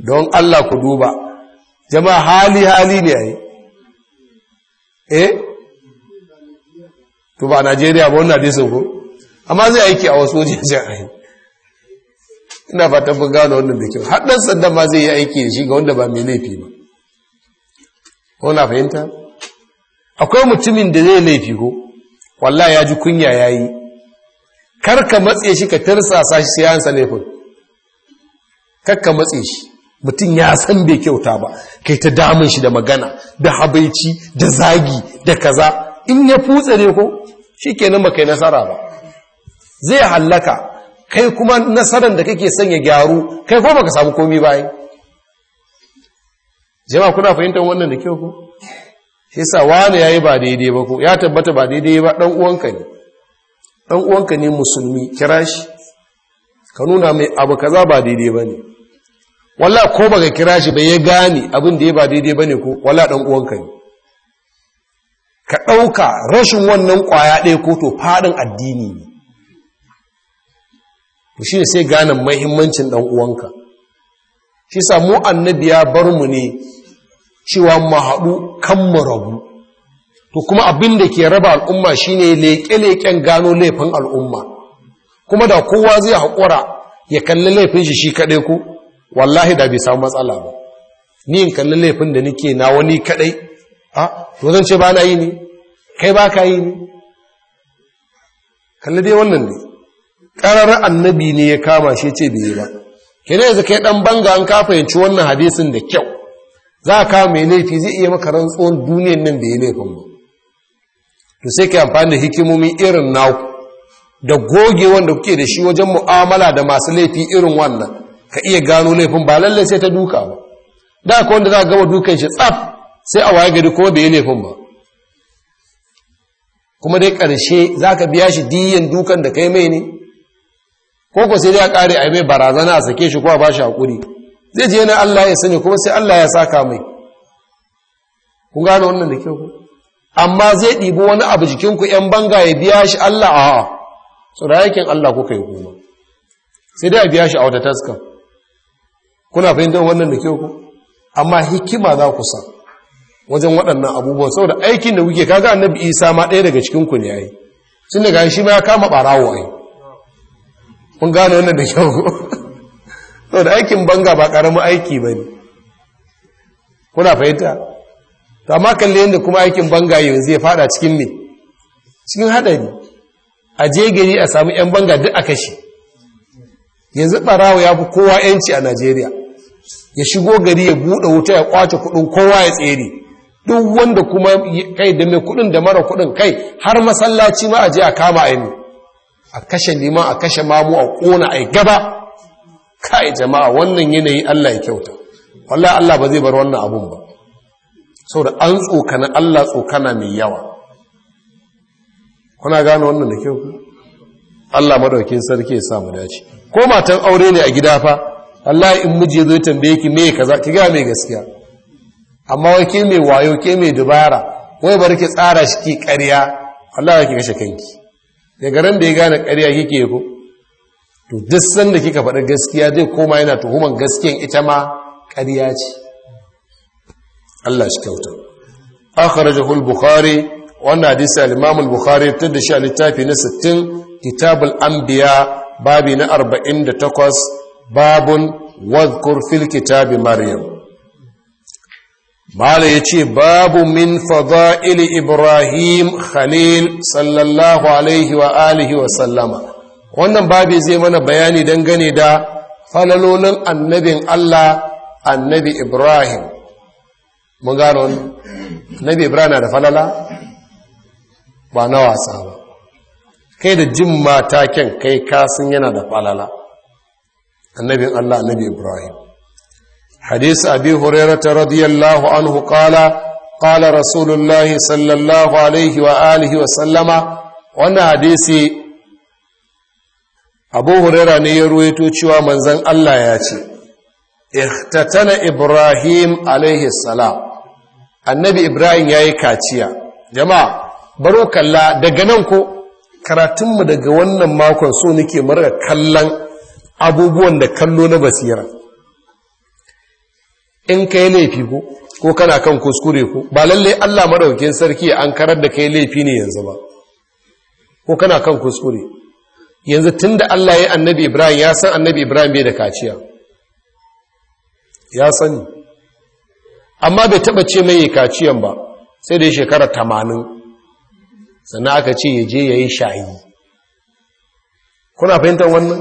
don Allah ku duba jama'a hali hali ne ai eh to ba Najeriya ba wannan hadisin ko amma zai aiki a wasu wajen ai ina fatan mun gano wannan da kyau haddan sanda ma zai yi aiki shi ga wanda ba mai laifi ba ko na fahimta akwai mutumin da zai laifi ko wallahi ya ji kunya yayi kar ka matse shi ka tirsasa shi sai an sa laifin kar ka matse shi mutum ya san bai kyauta ba kai ta damun shi da magana da habaici da zagi da kaza in ya futse ne ko shikenan ba kai nasara ba zai hallaka kai kuma nasaran da kake sanya gyaru kai ko baka samu komai bayan jama'a kuna fahimtar wannan da kyau ku? yasa wani yayi ba daidai ba ko ya tabbata ba daidai ba dan uwanka ne dan uwanka ne musulmi kira shi ka nuna mai abu kaza ba daidai bane wallahi ko baka kira shi ba ya gane abin da ya ba daidai bane ko wallahi dan uwanka ne ka ɗauka rashin wannan ƙwaya ɗaya ko to faɗin addini ne to shi ne sai gane mahimmancin ɗan uwanka shi samu annabi ya bar mu ne cewa mu haɗu kan mu rabu to kuma abin da ke raba al'umma shine leƙe-leƙen gano laifin al'umma kuma da kowa zai haƙura ya kalli laifin shi shi kaɗai ku wallahi da bai samu matsala ba ni in kalli laifin da nike na wani kaɗai a to zan ce ba na yi ne kai ba ka yi ne kalli dai wannan ne ƙarar annabi ne ya kama shi ce bai yi ba kene yanzu kai ɗan banga an ka fahimci wannan hadisin da kyau za a kawo mai laifi zai iya maka rantsuwan duniyan nan bai laifin ba to sai ka amfani da hikimomi irin naku da goge wanda kuke da shi wajen mu'amala da masu laifi irin wannan ka iya gano laifin ba lallai sai ta duka ba da ka wanda za a gama dukan shi tsaf sai a waye gari kuma bai yi laifin ba kuma dai ƙarshe za ka biya shi diyan dukan da kai mai ne ko ko sai dai a ƙare a mai barazana a sake shi kuma a ba shi haƙuri zai je na Allah ya sani kuma sai Allah ya saka mai kun gane wannan da kyau ku amma zai ɗibi wani abu jikinku ‘yan banga ya biya shi Allah a hawa. tsirayakin Allah kuka yi kuma sai dai a biya shi a wata taska kuna fahimtar wannan da kyau ku amma hikima za ku sa wajen waɗannan abubuwan saboda aikin da kuke kaga annabi isa ma ɗaya daga cikinku ne yayi tun daga shi ma ya kama ɓarawo ai kun gane wannan da kyau to da aikin banga ba karamin aiki ba ne kuna fahimta to amma kalli yadda kuma aikin banga yanzu ya fada cikin me cikin hadari a jegeri a samu 'yan banga duk a kashe yanzu barawa ya fi kowa 'yanci a najeriya ya shigo gari ya buɗe wuta ya kwace kudin kowa ya tsere duk wanda kuma kai da mai kudin da mara kudin kai har masallaci ma a je a kama aini a kashe neman a kashe mamu a kona a gaba kai jama'a wannan yanayi Allah ya kyauta wallahi Allah ba zai bar wannan abun ba saboda an tsokana Allah tsokana mai yawa kuna gane wannan da kyau Allah madaukakin sarki ya sa mu dace ko matan aure ne a gida fa wallahi in miji zai tambaye ki me kaza ki ga me gaskiya amma wai ke mai wayo ke mai dubara wai bar ki tsara shi ki ƙarya wallahi ki kashe kanki daga ran da ya gane ƙarya kike ko to duk sanda kika faɗi gaskiya zai koma yana tuhuman gaskiyan ita ma ƙarya ce Allah shi kyauta akhrajahu al-bukhari wannan hadisi al-imam al-bukhari tun da shi a littafi na 60 kitabul anbiya babi na 48 babun wadhkur fil kitabi maryam mala yace babu min fada'il ibrahim khalil sallallahu alaihi wa alihi wa sallama wannan babi zai mana bayani dangane da falalolin annabin Allah annabi Ibrahim mun gano annabi Ibrahim na da falala ba na wasa ba kai da jin mataken kai kasan yana da falala annabin Allah annabi Ibrahim حديث أبي هريرة رضي الله عنه قال قال رسول alaihi صلى الله عليه وآله وسلم وانا abu hurera ne ya ruwaito cewa manzan Allah ya ce ihtatana ibrahim alaihi salam annabi ibrahim ya yi kaciya jama'a baro kalla daga nan ko karatunmu daga wannan makon so nake marar kallon abubuwan da kallo na basira in ka yi laifi ko ko kana kan kuskure ko ba lallai Allah madaukakin sarki an karar da kai laifi ne yanzu ba ko kana kan kuskure yanzu tun da Allah ya annabi Ibrahim ya san annabi Ibrahim bai da kaciya ya sani amma bai taba ce mai kaciyan ba sai da ya shekara tamanin sannan aka ce ya je ya yi shayi kuna fahimtar wannan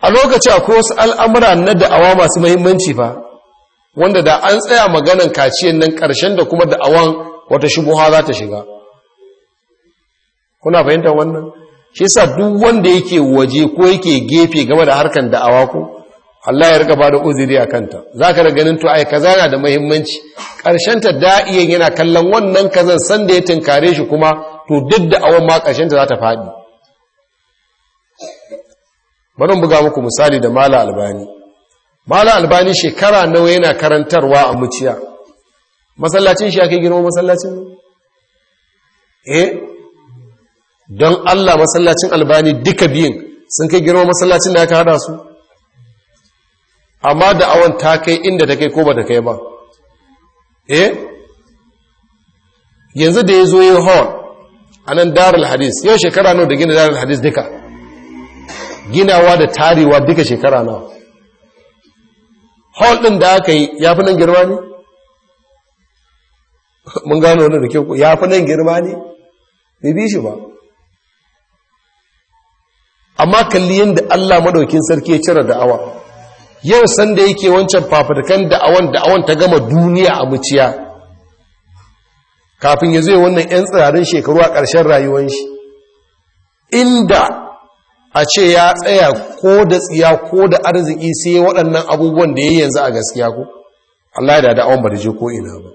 a lokaci akwai wasu al'amura na da'awa masu mahimmanci fa wanda da an tsaya maganan kaciyan nan karshen da kuma da'awan wata shubuha za ta shiga kuna fahimtar wannan shi sa duk wanda yake waje ko yake gefe game da harkan da'awa ko Allah ya riga bada uziri a kanta za ka ganin to ai kaza yana da muhimmanci ta da'iyan yana kallon wannan kazan san da ya tunkare shi kuma to duk da awon ma ta za ta faɗi bari buga muku misali da mala albani mala albani shekara nawa yana karantarwa a muciya masallacin shi ake girma masallacin eh don Allah masallacin albani duka biyun sun kai girma masallacin da aka hada su amma da awon ta kai inda ta kai ko ba ta kai ba eh yanzu da ya zo yin hall a nan darul hadis yau shekara nau da gina darul hadis duka ginawa da tarewa duka shekara nau hall ɗin da aka yi ya fi nan girma ne mun gano wani da kyau ya fi nan girma ne bibi shi ba amma kalli yadda Allah madaukin sarki ya cire da'awa yau sanda yake wancan fafatkan da'awan da'awan ta gama duniya a muciya kafin ya zai wannan 'yan tsirarin shekaru a ƙarshen rayuwan shi inda a ce ya tsaya ko da tsiya ko da arziki sai waɗannan abubuwan da ya yi yanzu a gaskiya ko Allah da da'awan ba da je ko ina ba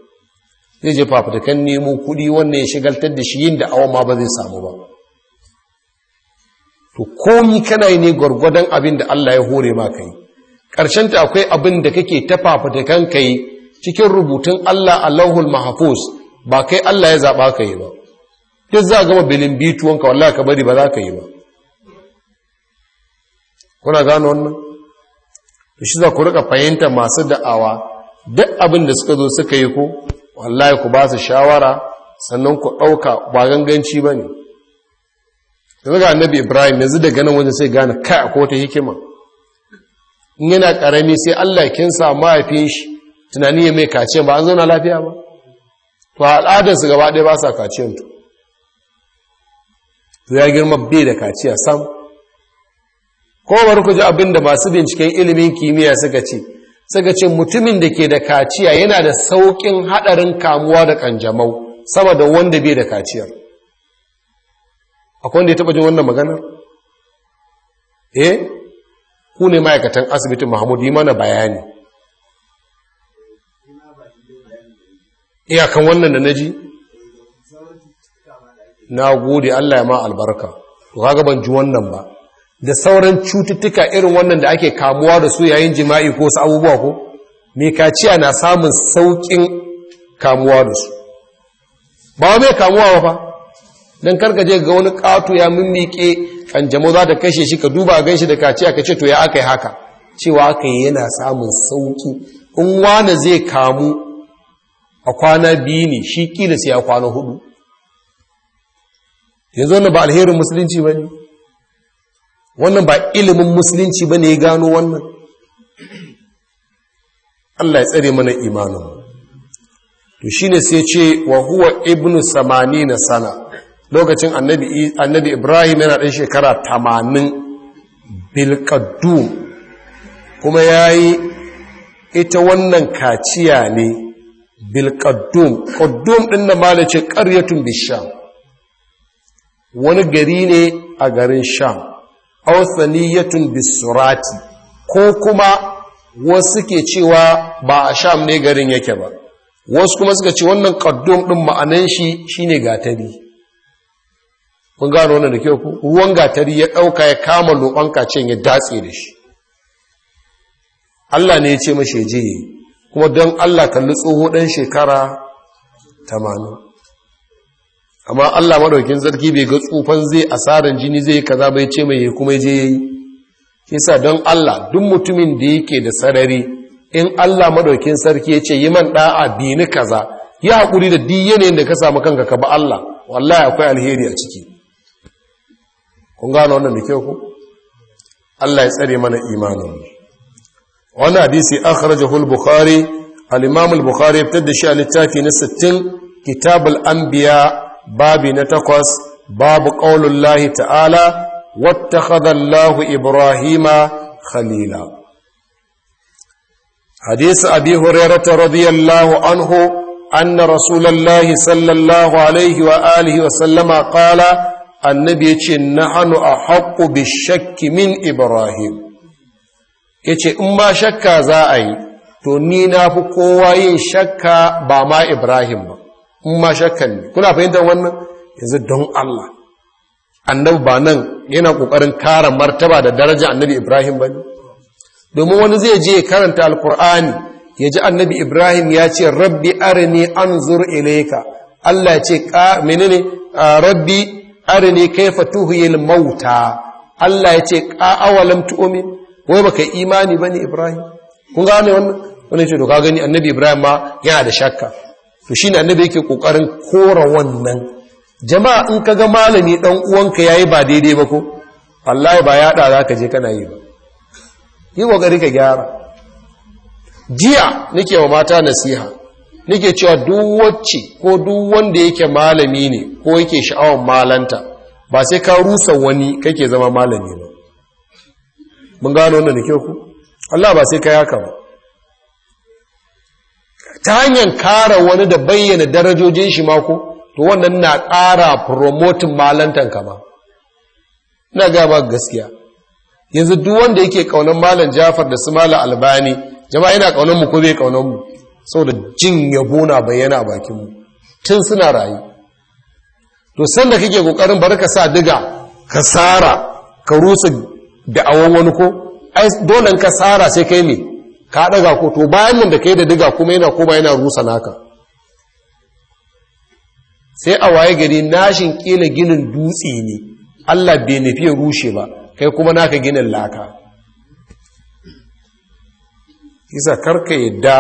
zai je kan nemo kuɗi wannan ya shigaltar da shi yin da'awan ma ba zai samu ba to komi kana yi ne gwargwadon abin da Allah ya hore ma kai ƙarshen ta akwai abin da kake tafafa da kan kai cikin rubutun Allah a lauhul mahfuz ba kai Allah ya zaba ka yi ba duk za gama bilin bituwanka wallahi ka bari ba za ka yi ba kuna gano wannan shi za ku rika fahimta masu da'awa duk abin da suka zo suka yi ku wallahi ku ba su shawara sannan ku ɗauka ba ganganci ba ne yanzu annabi ibrahim yanzu daga nan wajen sai gane kai ko wata hikima in yana karami sai allah kin sa mahaifin shi tunani ya mai kaciyan ba an zauna lafiya ba to al'adarsu gaba ɗaya ba sa kaciyan to ya girma bai da kaciya sam ko bari ku ji abin da masu binciken ilimin kimiyya suka ce suka ce mutumin da ke da kaciya yana da sauƙin haɗarin kamuwa da ƙanjamau saboda wanda bai da kaciyar akwai wanda ya taba jin wannan maganar eh ku ne ma'aikatan asibitin mahmud yi mana bayani iyakan wannan da na ji na gode Allah ya ma albarka to kaga ban ji wannan ba da sauran cututtuka irin wannan da ake kamuwa da su yayin jima'i ko su abubuwa ko mai kaciya na samun saukin kamuwa da su ba wa mai kamuwa ba fa don karka je ga wani ƙato ya mimmike kanjamo za ta kashe shi ka duba gan shi da kaciya ka ce to ya aka yi haka cewa aka yi yana samun sauki in wane zai kamu a kwana biyu ne shi kila sai ya kwana hudu yanzu wannan ba alherin musulunci ba ne wannan ba ilimin musulunci ba ne ya gano wannan Allah ya tsare mana imanin to shine sai ce wa huwa ibnu na sana lokacin annabi ibrahim yana ɗan shekara tamanin bilkaddu kuma ya yi ita wannan kaciya ne bilkaddum kaddum ɗin da ma ƙaryatun bisham wani gari ne a garin sham ausaniyatun bisurati ko kuma wasu ke cewa ba a sham ne garin yake ba wasu kuma suka ce wannan kaddum ɗin ma'anan shi shine gatari mun gano wannan da kyau ku ruwan gatari ya ɗauka ya kama loban kacin ya datse da shi Allah ne ya ce mashi ji kuma don Allah kalli tsoho ɗan shekara tamanin amma Allah maɗaukin zarki bai ga tsufan zai asaran jini zai kaza bai ce mai kuma je yi. kisa don Allah duk mutumin da yake da sarari in Allah madaukin sarki ya ce yi man da'a bi ni kaza ya haƙuri da duk yanayin da ka samu kanka ka ba Allah wallahi akwai alheri a ciki kun gano wannan da kyau ku Allah ya tsare mana imanin wannan hadisi akhrajahu al-bukhari al-imam al-bukhari shi al-littafi na 60 kitab al-anbiya babi na 8 babu ƙaulullahi ta'ala wattakhadha Allahu ibrahima khalila hadisi أبي هريرة anhu, الله عنه أن رسول الله wa الله عليه annabi ya ce na hannu a haƙo bi shakki min ibrahim ya ce in ba shakka za a yi to ni na fi kowa yin shakka ba ma ibrahim ba in ma shakkan ne kuna fahimtar wannan yanzu don allah annabi ba nan yana ƙoƙarin kara martaba da daraja annabi ibrahim ba ne domin wani zai je ya karanta alkur'ani ya ji annabi ibrahim ya ce rabbi arini anzur ilaika. allah ya ce menene ah, rabbi arini kaifa tuhiyil mauta Allah ya ce awalam tu'min wai baka imani bane Ibrahim kun gane wannan wannan ce to ka gani annabi Ibrahim ma yana da shakka to shine annabi yake kokarin kora wannan jama'a in kaga malami dan uwanka yayi ba daidai ba ko wallahi ba ya da zaka je kana yi ba yi kokari ka gyara jiya nake wa mata nasiha nake cewa duk wacce ko duk wanda yake malami ne ko yake sha'awar malanta ba sai ka rusa wani kake zama malami ba mun gano wannan da kyau ku Allah ba sai ka yaka ba ta hanyar kara wani da bayyana darajojin shi mako to wannan na ƙara promoting malantan ka ba ina ga gaskiya yanzu duk wanda yake ƙaunar malam Jafar da su malam Albani jama'a yana ƙaunar mu ko bai kaunar mu saboda jin yabo na bayyana a bakinmu tun suna rayu to sanda kake kokarin bar ka sa diga ka sara ka rusa awon wani ko ai dole ka sara sai kai ne ka daga ko to bayan nan da kai da diga kuma yana koma yana rusa naka sai a waye gari nashin kila ginin dutse ne Allah bai nufi ya rushe ba kai kuma naka ginin laka isa karka yadda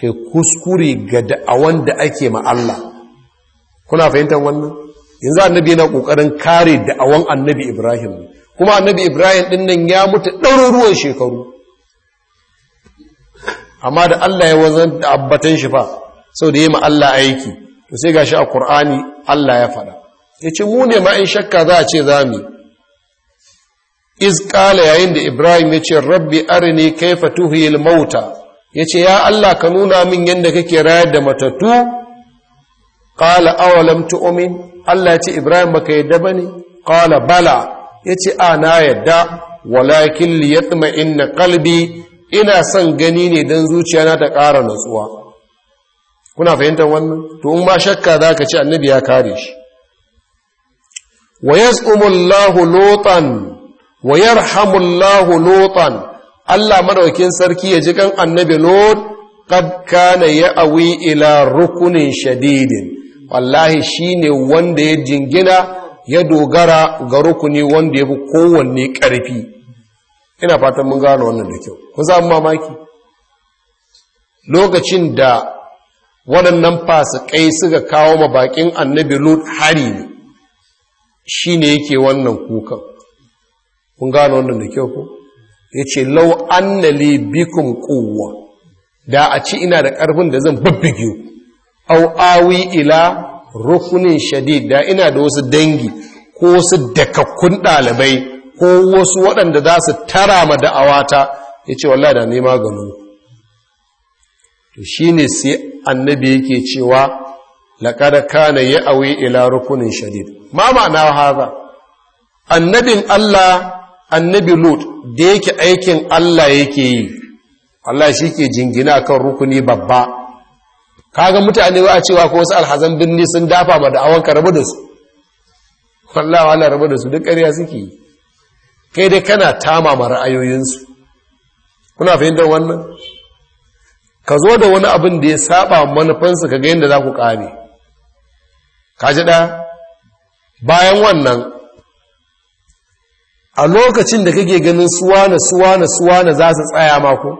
kai kuskure ga da'awan da ake ma Allah kuna fahimtar wannan yanzu annabi yana kokarin kare da'awan annabi Ibrahim kuma annabi Ibrahim din nan ya mutu ɗaruruwan shekaru amma da Allah ya wazan da abbatan shi fa sau da yi ma Allah aiki to sai gashi a Kur'ani Allah ya faɗa ya ce mu ne ma in shakka za a ce za mu iz yayin da Ibrahim ya ce rabbi arini kaifa tuhiyil mauta ya ce ya Allah ka nuna min yadda kake rayar da matattu ƙala awalam tu'umin Allah ya ce Ibrahim baka yadda ba ne ƙala bala ya ce a na yadda walakin liyatma inna kalbi ina son gani ne don zuciya na ta ƙara natsuwa kuna fahimtar wannan to in ba shakka za ka ce annabi ya kare shi wa yaz'umullahu lutan wa yarhamullahu lotan. Allah madaukin sarki ya ji kan annabi lot kad kana ya'wi ila rukunin shadidin wallahi shine wanda ya jingina ya dogara ga rukuni wanda ya fi kowanne ƙarfi ina fatan mun gano wannan da kyau ku za mu mamaki lokacin da waɗannan fasikai suka kawo ma bakin annabi lut hari ne shine yake wannan kukan kun gano wannan da kyau ko yace an na le bikin kowa da a ci ina da ƙarfin da zan babbige ku awi ila rukunin shadid da ina da wasu dangi ko wasu dakakkun ɗalibai ko wasu waɗanda za su tara ma da'awata ya ce wallah da ne gano to shi ne sai annabi yake cewa laƙada kana ya awi ila rukunin shadid ma ma'ana haza annabin Allah annabi lut da yake aikin Allah yake yi Allah shi ke jingina kan rukuni babba kaga mutane ba cewa ko wasu alhazan birni sun dafa ma da'awan ka rabu da su wallahi wala rabu da su duk ƙarya suke yi kai dai kana tama ma ra'ayoyinsu kuna fahimtar wannan ka zo da wani abin da ya saba manufansu ka ga yadda za ku ƙare ka ji ɗaya bayan wannan a lokacin da kake ganin suwana suwana suwana za su tsaya mako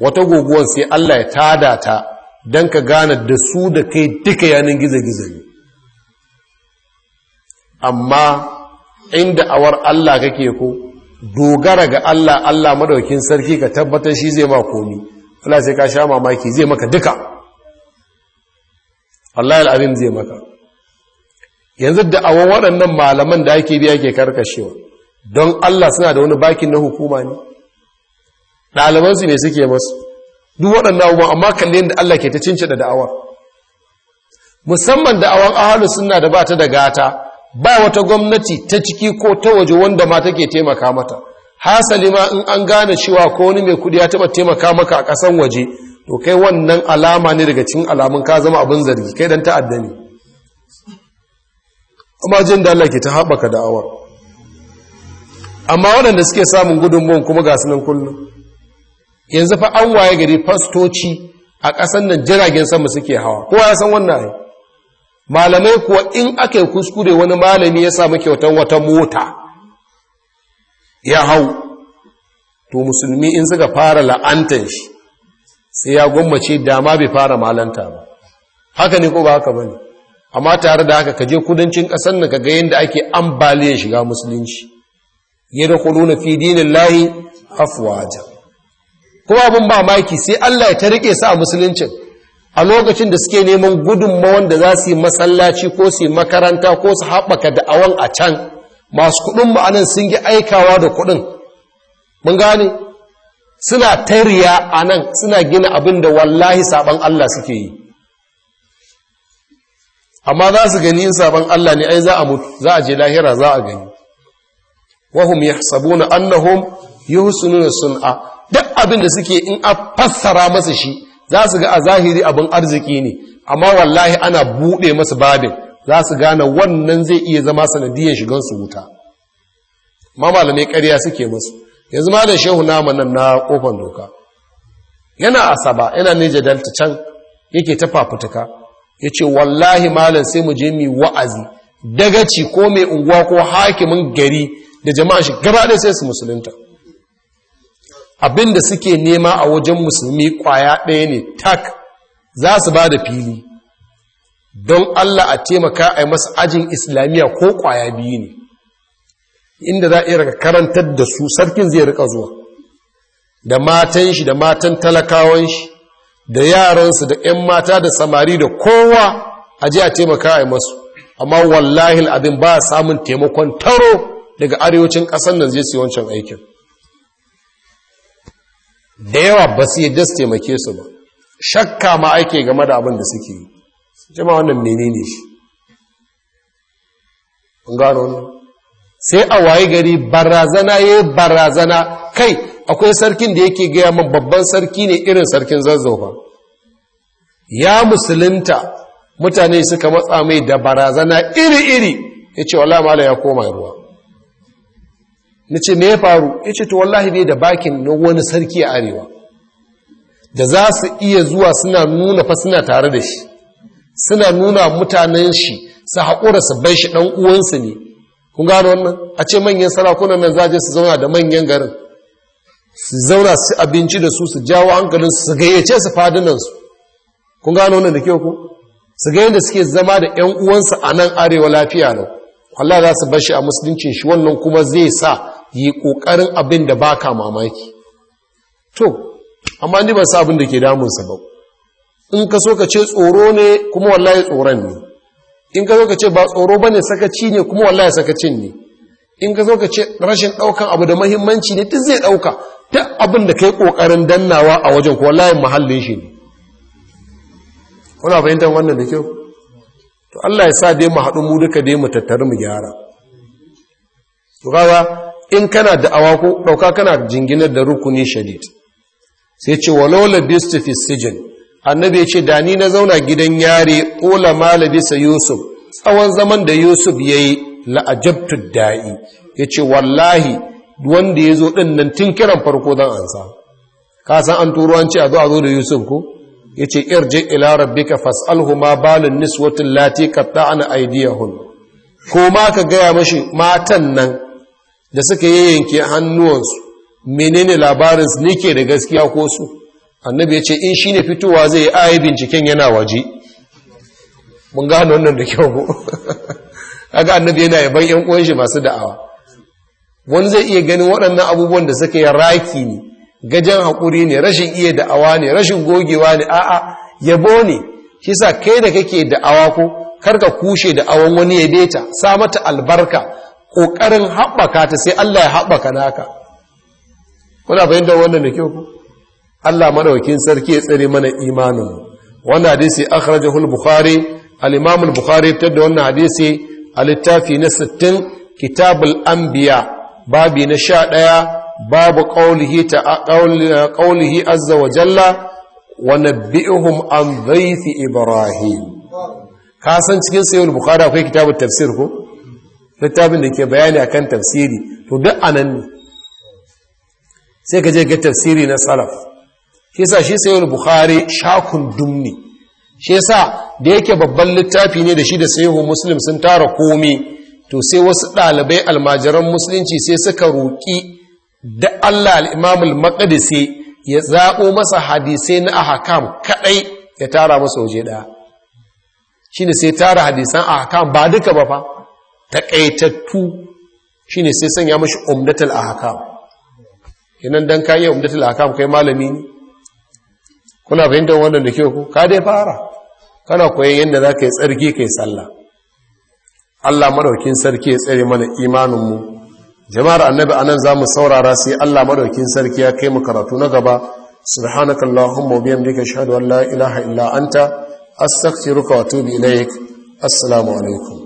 wata guguwan sai Allah ya tada ta don ka gane da su da kai duka yanin gizo-gizo ne amma inda awar Allah kake ko dogara ga Allah Allah madaukin sarki ka tabbatar shi zai ma komi Allah sai ka sha mamaki zai maka duka Allah al'azim zai maka yanzu da awon waɗannan malaman da ake biya ke karkashewa don Allah suna da wani bakin na hukuma ne ɗalibansu ne suke masu duk waɗannan abubuwa amma kalli yadda Allah ke ta cince da da'awar musamman da'awar ahalu suna da ba ta da gata ba wata gwamnati ta ciki ko ta waje wanda ma take taimaka mata hasali ma in an gane cewa ko wani mai kudi ya taɓa taimaka maka a ƙasan waje to kai wannan alama ne daga cikin alamun ka zama abin zargi kai dan ta'addani ne amma jin da Allah ke ta haɓaka da da'awar amma waɗanda suke samun gudunmuwan kuma ga sunan kullum yanzu fa an waye gari fastoci a ƙasan nan jiragen sama suke hawa kowa ya san wannan ne malamai kuwa in aka yi kuskure wani malami ya samu kyautar wata mota ya hau to musulmi in suka fara la'antar shi sai ya gwammace dama bai fara malanta ba haka ne ko ba haka ba ne amma tare da haka kaje kudancin ƙasar nan ga yadda ake ambaliyar shiga musulunci yadkhuluna fi dinillahi afwaja kuma abin ba maki sai Allah ya ta rike su a musuluncin a lokacin da suke neman gudunmawan da za su yi masallaci ko su yi makaranta ko su haɓaka da'awan a can masu kuɗin ma'anin sun yi aikawa da kuɗin mun gane suna tariya a nan suna gina abin da wallahi sabon Allah suke yi amma za su gani in sabon Allah ne ai za a mutu za a je lahira za a gani wahum yahsabuna annahum yuhsinuna sun'a duk abin da suke in a fassara masa shi za su ga a zahiri abin arziki ne amma wallahi ana bude masa babin za su gane wannan zai iya zama sanadiyar shigan su wuta ma malamai ƙarya suke musu yanzu ma da shehu namu nan na kofan doka yana asaba yana ne jadalta can yake ta fafutuka ya ce wallahi malam sai mu je mi wa'azi dagaci ko mai unguwa ko hakimin gari da jama'a shi gaba ɗaya sai su musulunta abinda suke nema a wajen musulmi kwaya ɗaya ne tak za su ba da fili don Allah a taimaka a yi masa ajin islamiyya ko kwaya biyu ne inda za a iya karantar da su sarkin zai rika zuwa da matan shi da matan talakawan shi da yaransu da 'yan mata da samari da kowa a ji a taimaka a masu amma wallahi abin ba samun taimakon taro daga arewacin ƙasar nan zai siya wancan aikin da yawa ba su yi dasu taimake su ba shakka ma aiki game da abin da suke yi jama wannan menene shi gano sai a waye gari barazana ya eh, barazana kai akwai sarkin da yake gaya man babban sarki ne irin sarkin zazzaufa ya musulunta mutane suka matsa mai da barazana iri-iri ya ce wallahi mala ya koma ruwa na ce me ya faru ya ce to wallahi da bakin na wani sarki a arewa da za su iya zuwa suna nuna fa suna tare da shi suna nuna mutanen shi su haƙura su bai shi ɗan uwansu ne kun gano wannan a ce manyan sarakunan nan je su zauna da manyan garin su zauna su abinci da su su jawo hankalin su gayyace su fadinansu kun gano wannan da kyau ku su ga yadda suke zama da 'yan uwansu a nan arewa lafiya lau. Allah za su bar shi a musuluncin shi wannan kuma zai sa yi ƙoƙarin abin da ba mamaki to amma ni ban sa abin da ke damunsa ba in ka so ka ce tsoro ne kuma wallahi tsoron ne in ka so ka ce ba tsoro ba ne sakaci ne kuma wallahi sakacin ne in ka so ka ce rashin ɗaukan abu da mahimmanci ne duk zai ɗauka ta abin da kai kokarin dannawa a wajen kuwa layin mahallin shi ne kuna fahimtar wannan da kyau to Allah ya sa dai mu haɗu mu duka dai mu tattari mu gyara to kaga in kana da awa ko dauka kana jinginar da rukuni shadid sai ce walau labistu fi sijin annabi ya ce da ni na zauna gidan yare ƙola malabi sa yusuf tsawon zaman da yusuf yayi ajabtu da'i yace wallahi wanda ya zo ɗin nan tun kiran farko don ansa ka san an turo an ce a zo a zo da yusuf ko ya ce irje ila rabbika fas'alhu ma balin niswatin lati qatta'na aydiyahun ko ma ka gaya mashi matan nan da suka yi yanke hannuwansu menene labarin su nike da gaskiya ko su annabi ya ce in shi ne fitowa zai yi ayi binciken yana waje mun gano wannan da kyau ko kaga annabi yana yaban yan uwan shi masu da'awa wani zai iya ganin waɗannan abubuwan da suka yi raki ne gajen haƙuri ne rashin iya da'awa ne rashin gogewa ne a'a yabo ne kisa kai da kake da'awa ko karka kushe da'awan wani ya beta sa mata albarka ƙoƙarin haɓaka ta sai Allah ya haɓaka naka kuna fahimtar wannan da kyau ku Allah maɗaukin sarki ya tsare mana imanin wannan hadisi akhrajahu al-bukhari al Bukhari, fitar da wannan hadisi a littafi na 60 kitabul Ambiya. babi na sha ɗaya babu ƙaunihi azza wa jalla wani bi'ihun an zaifi ibrahim ka san cikin sayar bukari akwai kitabun tafsir ko littafin da ke bayani akan tafsiri to duk anan ne sai ka je ga tafsiri na salaf shi sa shi sayar bukari shakun dumni shi sa da yake babban littafi ne da shi da sayar muslim sun tara komi to sai wasu ɗalibai almajiran musulunci sai suka roƙi da Allah al'imamul maƙadisi ya zaɓo masa hadisai na ahakam kaɗai ya tara masa waje ɗaya shi ne sai tara hadisan ahakam ba duka ba fa taƙaitattu shi ne sai sanya mashi umdatul ahakam yanan don ka yi umdatul ahakam kai malami ne kuna fahimtar wannan da ke ku ka dai fara kana koyon yadda za ka yi tsarki ka yi sallah Allah maɗaukin sarki ya tsare mana imaninmu jama'ar annabi anan zamu saurara sai Allah maɗaukin sarki ya kai mu karatu na gaba subhanakallahumma wa bihamdika ashhadu an la ilaha illa anta astaghfiruka wa atubu ilaik assalamu alaikum